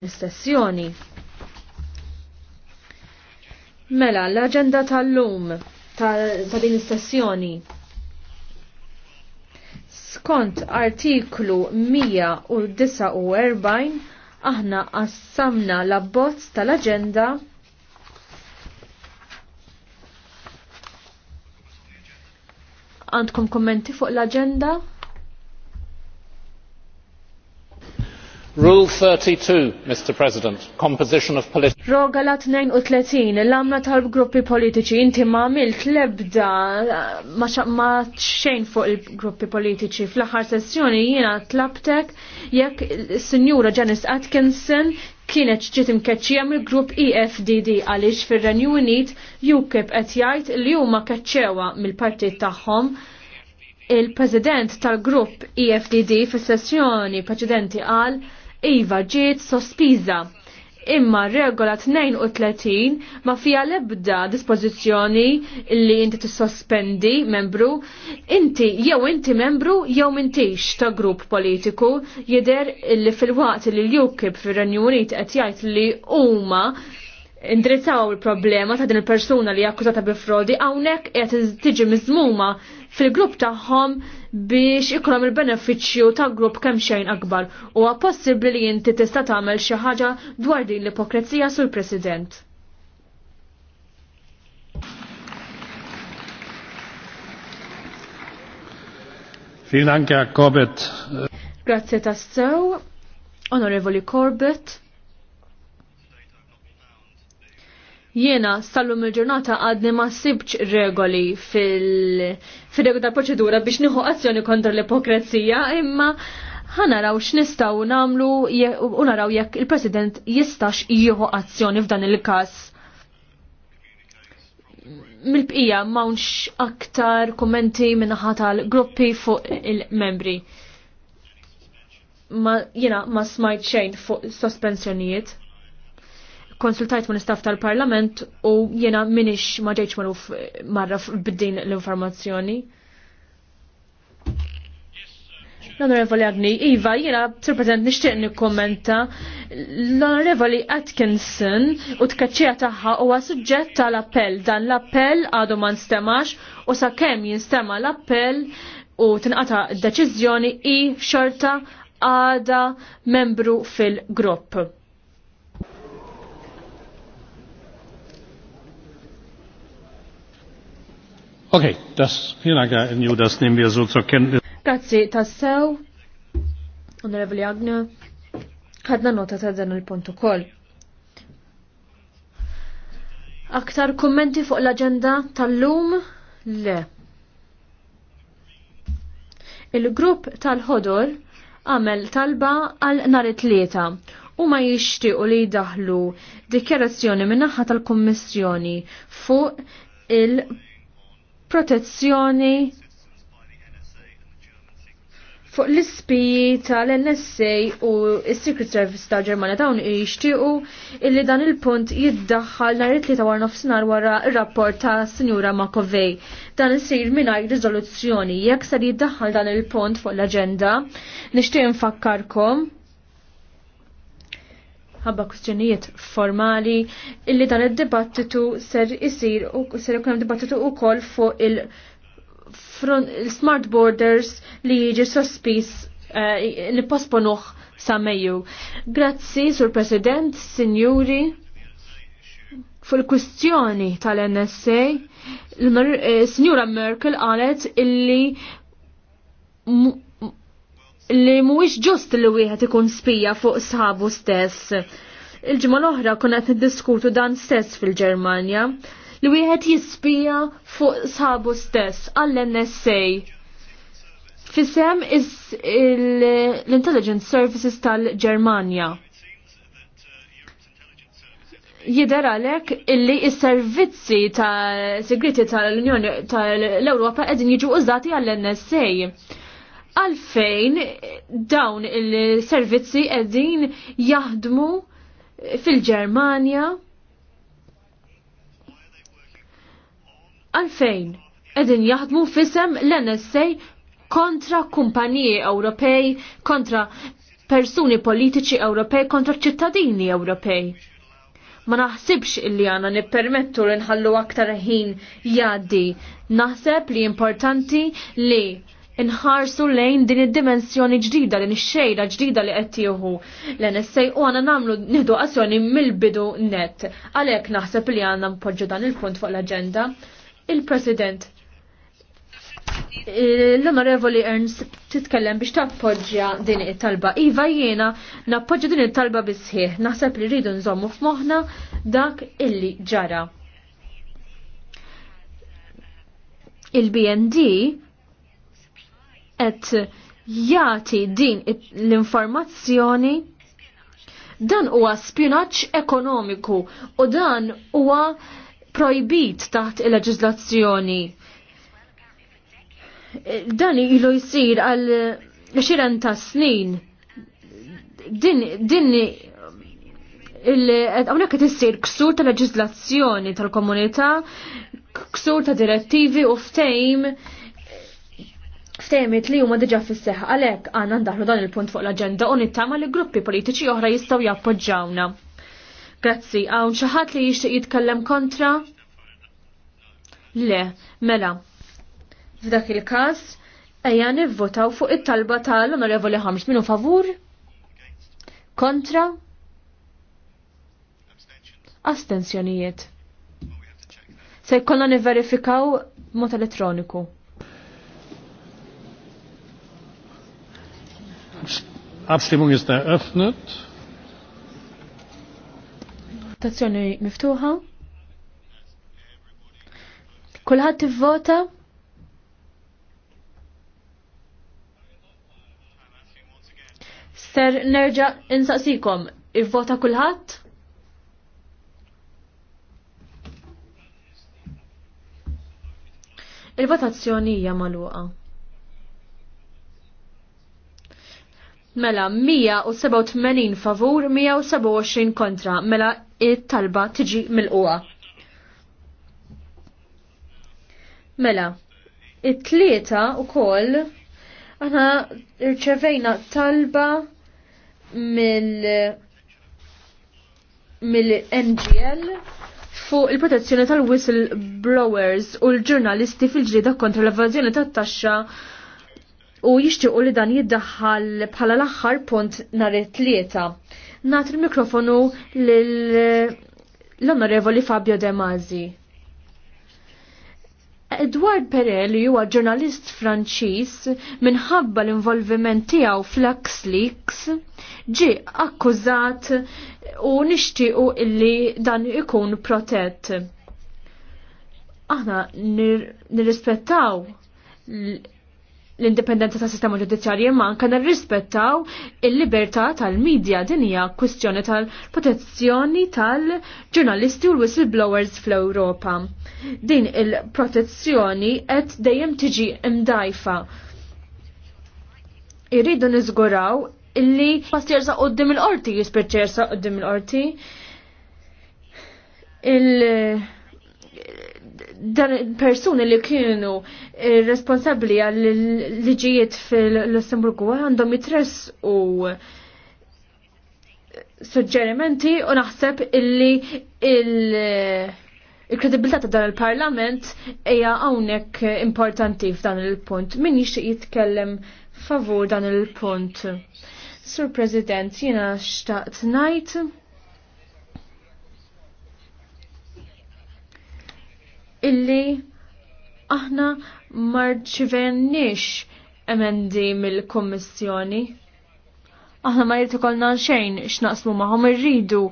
l-istessjoni. Mela, l-agenda tal-lum ta' din istessjoni. Skont artiklu 149 aħna assamna l-abbozz tal-agenda għandkom kommenti fuq l-agenda? Rule 32, Mr. President, composition of political... Roga la 32, l-amna tal-gruppi politiċi, inti ma għamilt lebda ma xejn fuq il-gruppi politiċi. Fl-aħħar sessjoni jiena tlabtek jekk sinjura Janice Atkinson kienet ġiet imkeċċija mill-grupp EFDD għaliex fir-Renju Unit UKIP e qed jgħid li huma keċċewa mill-partit tagħhom il-president tal-grupp EFDD fis-sessjoni preċedenti qal iva ġiet sospiża imma regola 32 ma fija lebda dispożizzjoni li inti tissospendi membru, inti jew inti membru jew mintix ta' grupp politiku jider li fil-waqt li l jukib fir-Renju Unit qed jgħid li huma indrizzaw il-problema ta' din il-persuna li jakkużata bi frodi hawnhekk qed tiġi miżmuma fil-grupp tagħhom biex ikolhom il-benefiċċju ta' grupp kemm xejn akbar. Huwa possibbli li inti tista' tagħmel xi ħaġa dwar din l-ipokrezija sur President. Grazie tassew, Onorevoli Corbett. Jiena sal-lum il-ġurnata għadni ma sibċ regoli fil-regoli tal-proċedura biex nieħu azzjoni kontra l-ipokrezija imma ħanaraw x'nistgħu namlu u naraw jekk il-President jistax jieħu azzjoni f'dan il-każ. Mil-bqija mawnx aktar kommenti minnaħat tal-gruppi fuq il-membri ma jiena ma smajt xejn fuq sospensjonijiet konsultajt ma' nistaf tal-Parlament u jena minix ma ġejċ maruf marraf biddin l-informazzjoni. L-Onorevoli Agni, Iva, jena sirpreżent nishtiq kommenta l-Onorevoli Atkinson u t-kacċija taħħa huwa suġġett tal-appell. Dan l-appell għadu ma stemax u sa kemm jinstema l-appell u d deċiżjoni i xorta għada membru fil-grupp. Okay, das, in you, das nehmen wir so zur Kenntnis. Grazzi, tassew, onorevoli Agnew, ħadna nota ta' dan il-punt ukoll. Aktar kommenti fuq l-agenda tal-lum? Le. Il-grupp tal-ħodor għamel talba għal nhar it-tlieta u ma jixtiequ li jdaħlu dikjarazzjoni min tal-Kummissjoni fuq il- protezzjoni fuq l-ispiji tal-NSA u s-Secret Service ta' Ġermana dawn iġtiju illi dan il-punt jiddaħħal nhar it tawar war nofsinhar wara r-rapport ta' Sinjura Makovej. Dan sir mingħajr riżoluzzjoni jekk sar jiddaħħal dan il-punt fuq l-aġenda. Nixtieq infakkarkom ħabba kwistjonijiet formali illi dan id-dibattitu ser isir u ser ikun dibattitu wkoll fuq il smart borders li jiġi sospis eh, li nipposponuh sa Grazzi, Sur President, Sinjuri, fuq il-kwistjoni tal-NSA, eh, signora Merkel qalet illi li mhuwiex ġust li wieħed ikun spija fuq sħabu stess. Il-ġimgħa l-oħra konna qed niddiskutu dan stess fil-Ġermanja li wieħed jispija fuq sħabu stess għall-NSA. Fisem is l-Intelligence Services tal-Ġermanja. Jidher għalhekk illi s-servizzi ta' segreti tal-Unjoni tal-Ewropa qegħdin jiġu użati għall-NSA għalfejn dawn il-servizzi qegħdin jaħdmu fil-Ġermanja. Għalfejn qegħdin jaħdmu fisem l-NSA kontra kumpaniji Ewropej, kontra persuni politiċi Ewropej, kontra ċittadini Ewropej. Ma naħsibx illi għana nippermettu li nħallu aktar ħin jaddi. Naħseb li importanti li inħarsu lejn din id-dimensjoni ġdida, din ix-xejda ġdida li qed tieħu l-NSA u għana nagħmlu nieħdu azzjoni mill-bidu net. Għalhekk naħseb li għandna mpoġġu dan il-punt fuq l-aġenda. Il-President l-Onorevoli Ernst titkellem biex tappoġġja din it-talba. Iva jiena nappoġġu din it-talba bisħieħ. Naħseb li rridu nżommu f'moħħna dak illi ġara. Il-BND qed jagħti din l-informazzjoni dan huwa spinaċ ekonomiku u dan huwa projbit taħt il-leġislazzjoni. Dan ilu jisir għal 20 ta' snin. Din, din għamnek qed issir ksur ta' leġislazzjoni tal-komunità, ksur ta' direttivi u ftejm ftejmit li huma diġà fis-seħħa għalhekk għandna ndaħlu dan il-punt fuq l-aġenda u nittama li gruppi politiċi oħra jistgħu jappoġġawna. Grazzi, hawn xi ħadd li jixtieq jitkellem kontra? Le, mela. F'dak il-każ ejja nivvotaw fuq it-talba tal-Onorevoli Ħamx minu favur? Kontra? Astenzjonijiet. Se jkollna niverifikaw mod elettroniku. Abstimmung ist eröffnet. Votazzjoni miftuħa. Kulħadd ivvota? Ser nerġa' insaqsikom, ivvota kulħadd? Il-votazzjoni hija magħluqa. Mela 187 favur, 127 kontra. Mela it-talba tiġi mill-qwa. Mela, it-tlieta u aħna rċevejna talba mill mill-NGL fuq il-protezzjoni tal-whistleblowers u l-ġurnalisti fil-ġrida kontra l-evazjoni tat-taxxa u jixtiequ li dan jiddaħħal bħala l-aħħar punt nhar it-tlieta. Nagħti l-mikrofonu l-Onorevoli Fabio De Mazi. Edward Perel li huwa ġurnalist Franċiż minħabba l-involviment tiegħu fl Leaks ġie akkużat u nixtiequ illi dan ikun protett. Aħna nirrispettaw nir l-indipendenza tas sistema ġudizzjarji imma anke nirrispettaw il-libertà tal-medja din hija kwistjoni tal-protezzjoni tal-ġurnalisti u l-whistleblowers fl-Ewropa. Din il-protezzjoni qed dejjem tiġi imdajfa. Irridu niżguraw illi pastjerza qoddim il-qorti, jispirċersa qoddim il-qorti. il, -qorti, dan persuni li kienu eh, responsabli għal liġijiet fil-Lussemburgu għandhom jitress u suġġerimenti u naħseb illi eh, il-kredibilità ta' dan il-parlament hija hawnhekk importanti f'dan il-punt. Min jixtieq jitkellem favur dan il-punt. Sur President, jiena xtaqt ngħid illi aħna marċivennix emendi mill-Kommissjoni. Aħna ma jrid kolna xejn x'naqsmu magħhom irridu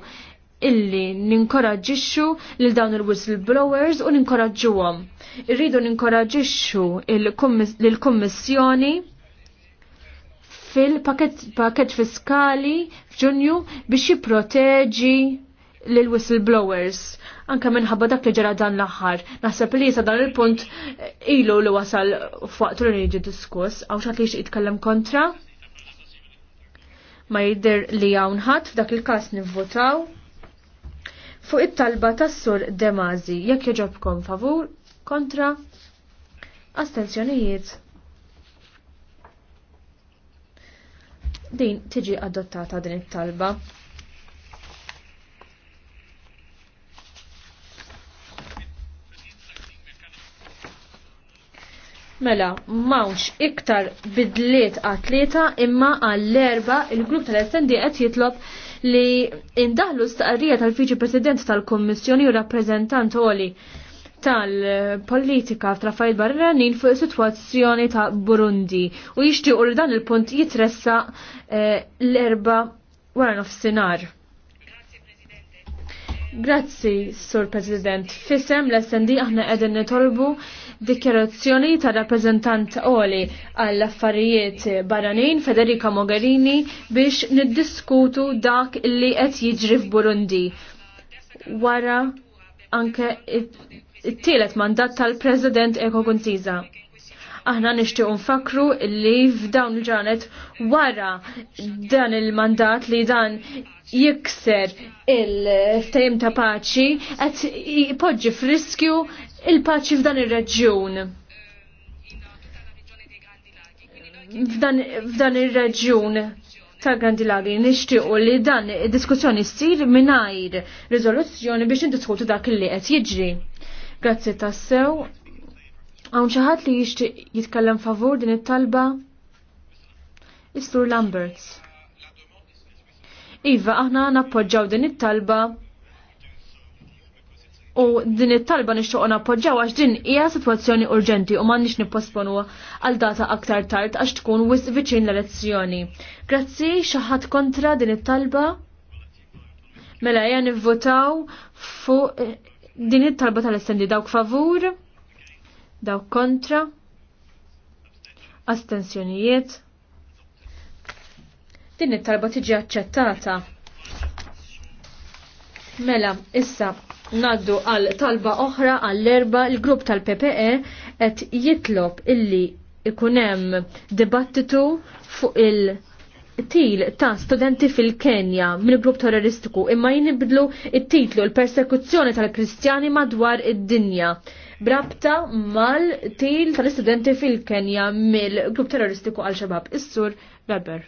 illi ninkoraġġixxu lil dawn il-whistleblowers u ninkoraġġuhom. Irridu ninkoraġġixxu lill-Kummissjoni fil-pakett fiskali f'Ġunju biex jipproteġi lil whistleblowers anka minħabba dak li ġara dan l-aħħar. Naħseb li jisa dan il-punt eh, ilu li wasal fuqtu li jiġi diskuss, għaw xat li jitkellem kontra. Ma jidder li hawnħat f'dak il-każ nivvotaw fuq it-talba tas-sur Demazi jekk jogħġobkom favur kontra astenzjonijiet. Din tiġi adottata din it-talba. Mela, mawx iktar bidliet atleta imma għall-erba il-grupp tal-SND qed jitlob li indaħlu staqrija tal-Viċi President tal-Kommissjoni u rappresentant għoli tal-politika f'trafajt barranin fuq situazzjoni ta' Burundi u jixtiequ li dan il-punt jitressa eh, l-erba wara nofsinhar. Grazzi, Sur President. Fisem l-SND aħna għedin nitolbu dikjerazzjoni ta' rappresentant Oli għall-affarijiet barranin Federica Mogherini biex niddiskutu dak li qed jiġri f'Burundi. Wara anke it-tielet mandat tal-President Eko Kunziza aħna nixtiequ nfakru li f'dawn il-ġranet wara dan il-mandat li dan jikser il tajem ta' paċi qed jpoġġi f'riskju il-paċi f'dan ir-reġjun. F'dan ir-reġjun ta' Grandilagi nixtiequ li dan id-diskussjoni ssir mingħajr riżoluzzjoni biex indiskutu dak li qed jiġri. Grazzi tassew. Għawn xaħat li jixtieq jitkellem favur din it-talba? Istur Lamberts. Iva, aħna nappoġġaw din it-talba u din it-talba nixtieq nappoġġaw għax din hija sitwazzjoni urġenti u m'għandniex nipposponu għal data aktar tard għax tkun wis viċin l-elezzjoni. Grazzi xaħat kontra din it-talba? Mela hija nivvotaw fuq din it-talba tal-estendi dawk favur? daw kontra, astensjonijiet. Din it-talba tiġi aċċettata. Mela, issa naddu għal talba oħra għall erba il-grupp tal-PPE qed jitlob illi ikunem dibattitu fuq il- til ta' studenti fil-Kenja mill grupp terroristiku imma jinibdlu it-titlu l-persekuzzjoni tal-Kristjani madwar id-dinja brabta mal-til tal-studenti fil-Kenja mill-grupp terroristiku għal-xabab. Is-sur Weber.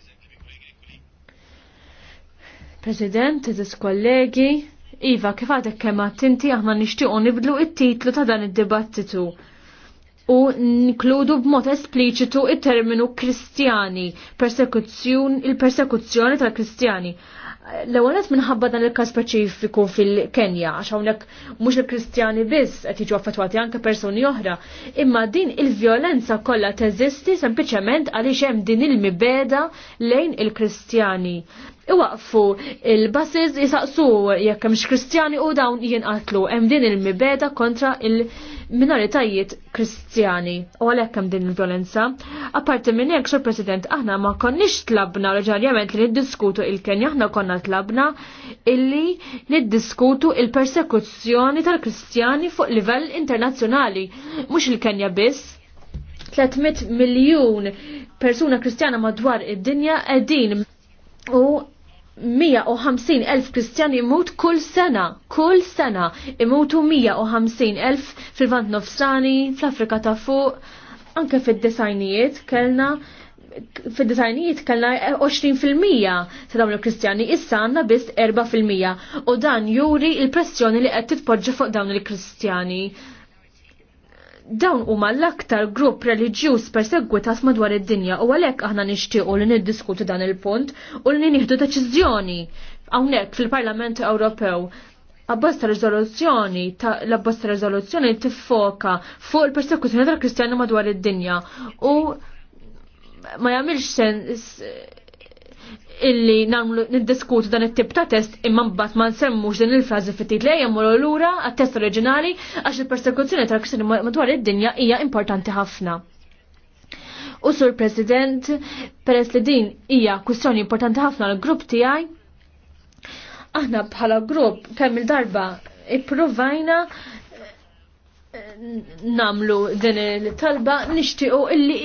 President, eżis kollegi, Iva, kif għadek kemm tinti aħna nixtiequ nibdlu it-titlu ta' dan id-dibattitu u nkludu b'mod espliċitu it-terminu kristjani, il-persekuzzjoni tal-kristjani l-ewelet minħabba dan il-kas speċifiku fil-Kenja, għax hawnhekk mhux il-Kristjani biss qed jiġu affettwati anke persuni oħra, imma din il-vjolenza kollha teżisti sempliċement għaliex hemm din il-mibeda lejn il-Kristjani. Iwaqfu il basiz jisaqsu jekk hemmx Kristjani u dawn jinqatlu hemm din il-mibeda kontra il-Kristjani minoritajiet kristjani u għalhekk hemm din il-violenza. Apparti minn hekk, Sur President, aħna ma konniex tlabna reġarjament li niddiskutu il-Kenja, aħna konna tlabna illi niddiskutu il-persekuzzjoni tal-Kristjani fuq livell internazzjonali, mhux il-Kenja biss. 300 miljun persuna kristjana madwar id-dinja qegħdin u 150 elf kristjan imut kull sena, kull sena imutu 150 elf fil-vant nofsani, fl-Afrika ta' fuq, anke fil-desajnijiet kellna fil desajnijiet kellna 20% ta' dawn il-Kristjani, issa għandna biss 4% u dan juri il-pressjoni li qed titpoġġa fuq dawn il-Kristjani dawn huma l-aktar grupp reliġjuż persegwitas madwar id-dinja u għalhekk aħna nixtiequ li niddiskutu dan il-punt u li nieħdu deċiżjoni hawnhekk fil-Parlament Ewropew, Abbasta riżoluzzjoni ta' l-abbasta rezoluzzjoni tiffoka fuq il-persekuzzjoni tal-Kristjani madwar id-dinja u ma jagħmilx sens illi namlu niddiskutu dan it-tip ta' test imma mbagħad ma nsemmux din il-frażi fit-tit li hija lura għat-test oriġinali għax il-persekuzzjoni tal-Kristjani madwar id-dinja hija importanti ħafna. U sur President, peress li din hija kwistjoni importanti ħafna l grupp tiegħi, aħna bħala grupp kemm il-darba ippruvajna namlu din il-talba nixtiequ illi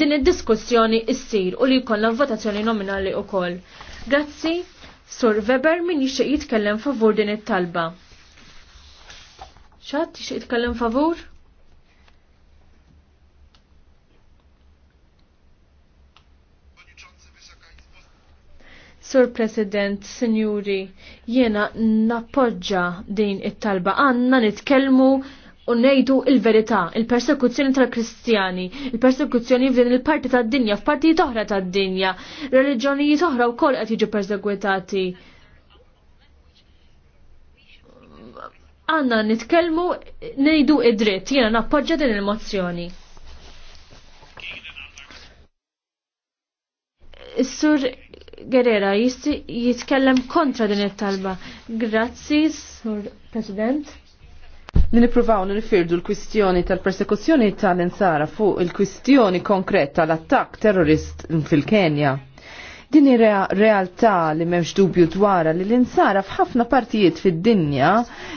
din id-diskussjoni issir u li jkollna votazzjoni nominali wkoll. Grazzi, Sur Weber min jixtieq jitkellem favur din it-talba. Xatt jixtieq jitkellem favur? Sur President, Sinjuri, jiena nappoġġa din it-talba għandna nitkellmu u il-verità, il-persekuzzjoni tal-Kristjani, il-persekuzzjoni f'din il-parti tad-dinja, f'parti oħra tad-dinja, reliġjonijiet oħra wkoll qed jiġu perseguitati. Għanna nitkellmu nejdu id-dritt, jiena nappoġġa din il-mozzjoni. Is-sur Gerera jitkellem kontra din it-talba. Grazzi, sur President li nipruvaw nirfirdu l-kwistjoni tal-persekuzzjoni tal-insara fuq il-kwistjoni konkret tal-attak terrorist fil-Kenja. Din ir realtà li memx dubju dwara li l-insara f'ħafna partijiet fid-dinja,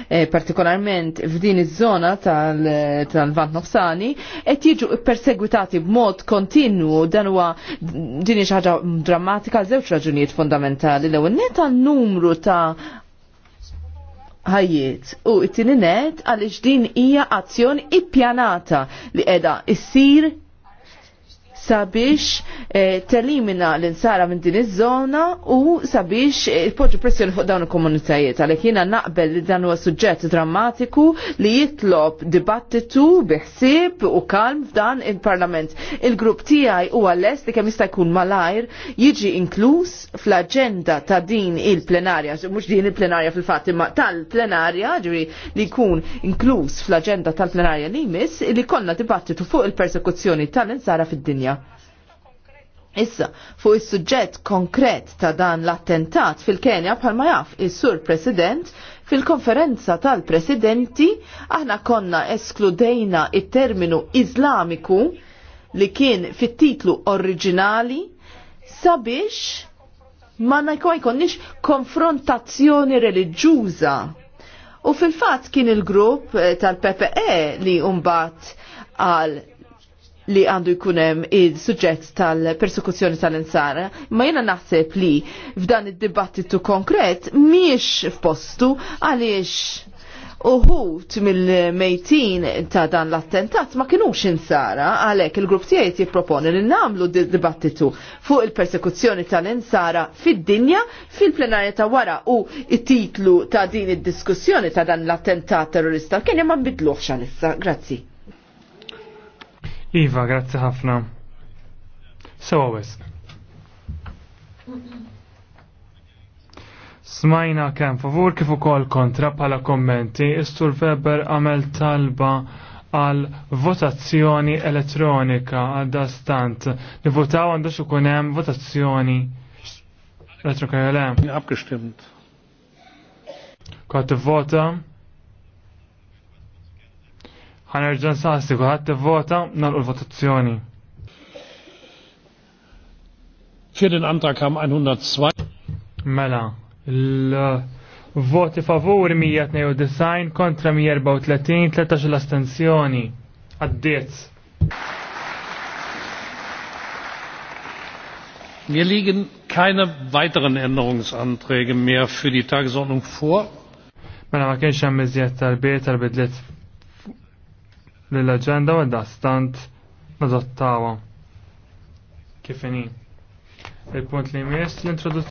eh, partikolarment f'din iż-żona tal-Vant Nofsani, qed jiġu perseguitati b'mod kontinwu dan huwa din xi ħaġa drammatika żewġ raġunijiet fundamentali. L-ewwel net numru ta' ħajjiet u it-tini tininet għaliex din hija azzjoni ippjanata li qiegħda issir sabiex eh, telimina l-insara minn din iż-żona u sabiex eh, poġġu pressjoni fuq dawn il-komunitajiet. Għalhekk jiena naqbel li dan huwa suġġett drammatiku li jitlob dibattitu biħsieb u kalm f'dan il-Parlament. Il-grupp tiegħi huwa lest li kemm jista' jkun malajr jiġi inkluż fl-aġenda ta' din il-plenarja, mhux din il-plenarja fil-fatt imma tal-plenarja ġifieri li jkun inkluż fl-aġenda tal-plenarja li jmiss li konna dibattitu fuq il-persekuzzjoni tal-insara fid-dinja. Issa, fuq is-suġġett konkret ta' dan l-attentat fil-Kenja bħalma jaf is-Sur President fil-konferenza tal-Presidenti aħna konna eskludejna il terminu Islamiku li kien fit-titlu oriġinali sabiex ma najkun konfrontazzjoni reliġjuża. U fil-fatt kien il-grupp eh, tal-PPE li umbat għal li għandu jkunem il-suġġett tal-persekuzzjoni tal-insara, ma jena naħseb li f'dan id-dibattitu konkret miex f'postu għaliex uħut mill-mejtin ta' dan l-attentat ma kienux insara għalek il-grupp tiegħi jipproponi li namlu dibattitu fuq il-persekuzzjoni tal-insara fid-dinja fil-plenarja ta' wara u it-titlu ta' din id-diskussjoni ta' dan l-attentat terrorista kien ma bidluħx għalissa. Grazzi. Iva, grazzi ħafna. Sewa wes. Smajna kemm favur kif ukoll kontra bħala kommenti, Istur Weber għamel talba għal votazzjoni elettronika għal stant. Nivotaw għandux ikun hemm votazzjoni elettronika jew le. Abgestimmt. Kont vota ħanerġa' nsaqsi kulħadd tivvota nagħlqu l-votazzjoni. Für den Antrag kam 102. Mela, l-voti favur 192 kontra 134, 13 l-astenzjoni. Għaddiet. Mir liegen keine weiteren Änderungsanträge mehr für die Tagesordnung vor. Mela ma kienx hemm iżjed tal-bejt tal-bidliet li l-agenda u da stant nadottawa. Kifini. Il-punt li jmiss l